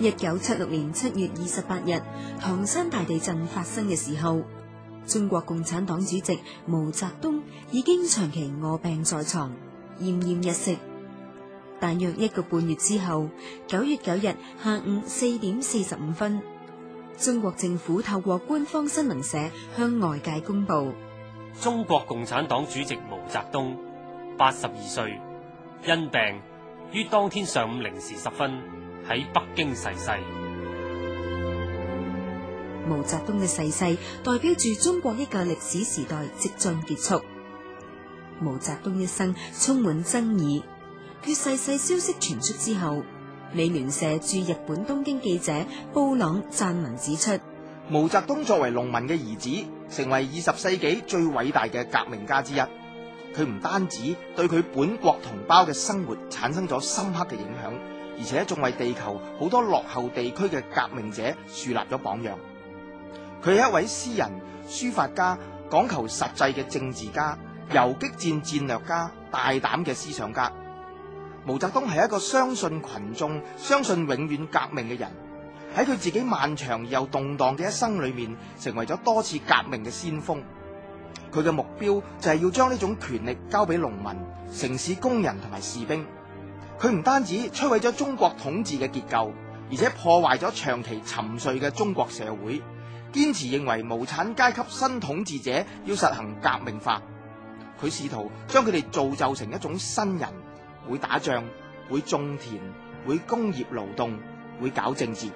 一九七六年七月二十八日，唐山大地震發生嘅時候，中國共產黨主席毛澤東已經長期臥病在床，奄奄一息。大約一個半月之後，九月九日下午四點四十五分，中國政府透過官方新聞社向外界公布：中國共產黨主席毛澤東八十二歲，因病於當天上午零時十分。喺北京逝世，毛澤東嘅逝世代表住中國一個歷史時代即將結束。毛澤東一生充滿爭議，佢逝世消息傳出之後，美聯社駐日本東京記者布朗贊文指出：毛澤東作為農民嘅兒子，成為二十世紀最偉大嘅革命家之一。佢唔單止對佢本國同胞嘅生活產生咗深刻嘅影響。而且仲為地球好多落後地區嘅革命者樹立咗榜樣。佢係一位詩人、書法家、講求實際嘅政治家、游擊戰戰略家、大膽嘅思想家。毛澤東係一個相信群眾、相信永遠革命嘅人。喺佢自己漫長又動盪嘅一生裏面，成為咗多次革命嘅先鋒。佢嘅目標就係要將呢種權力交俾農民、城市工人同埋士兵。佢唔單止摧毀咗中國統治嘅結構，而且破壞咗長期沉睡嘅中國社會。堅持認為無產階級新統治者要實行革命化，佢試圖將佢哋造就成一種新人，會打仗，會種田，會工業勞動，會搞政治。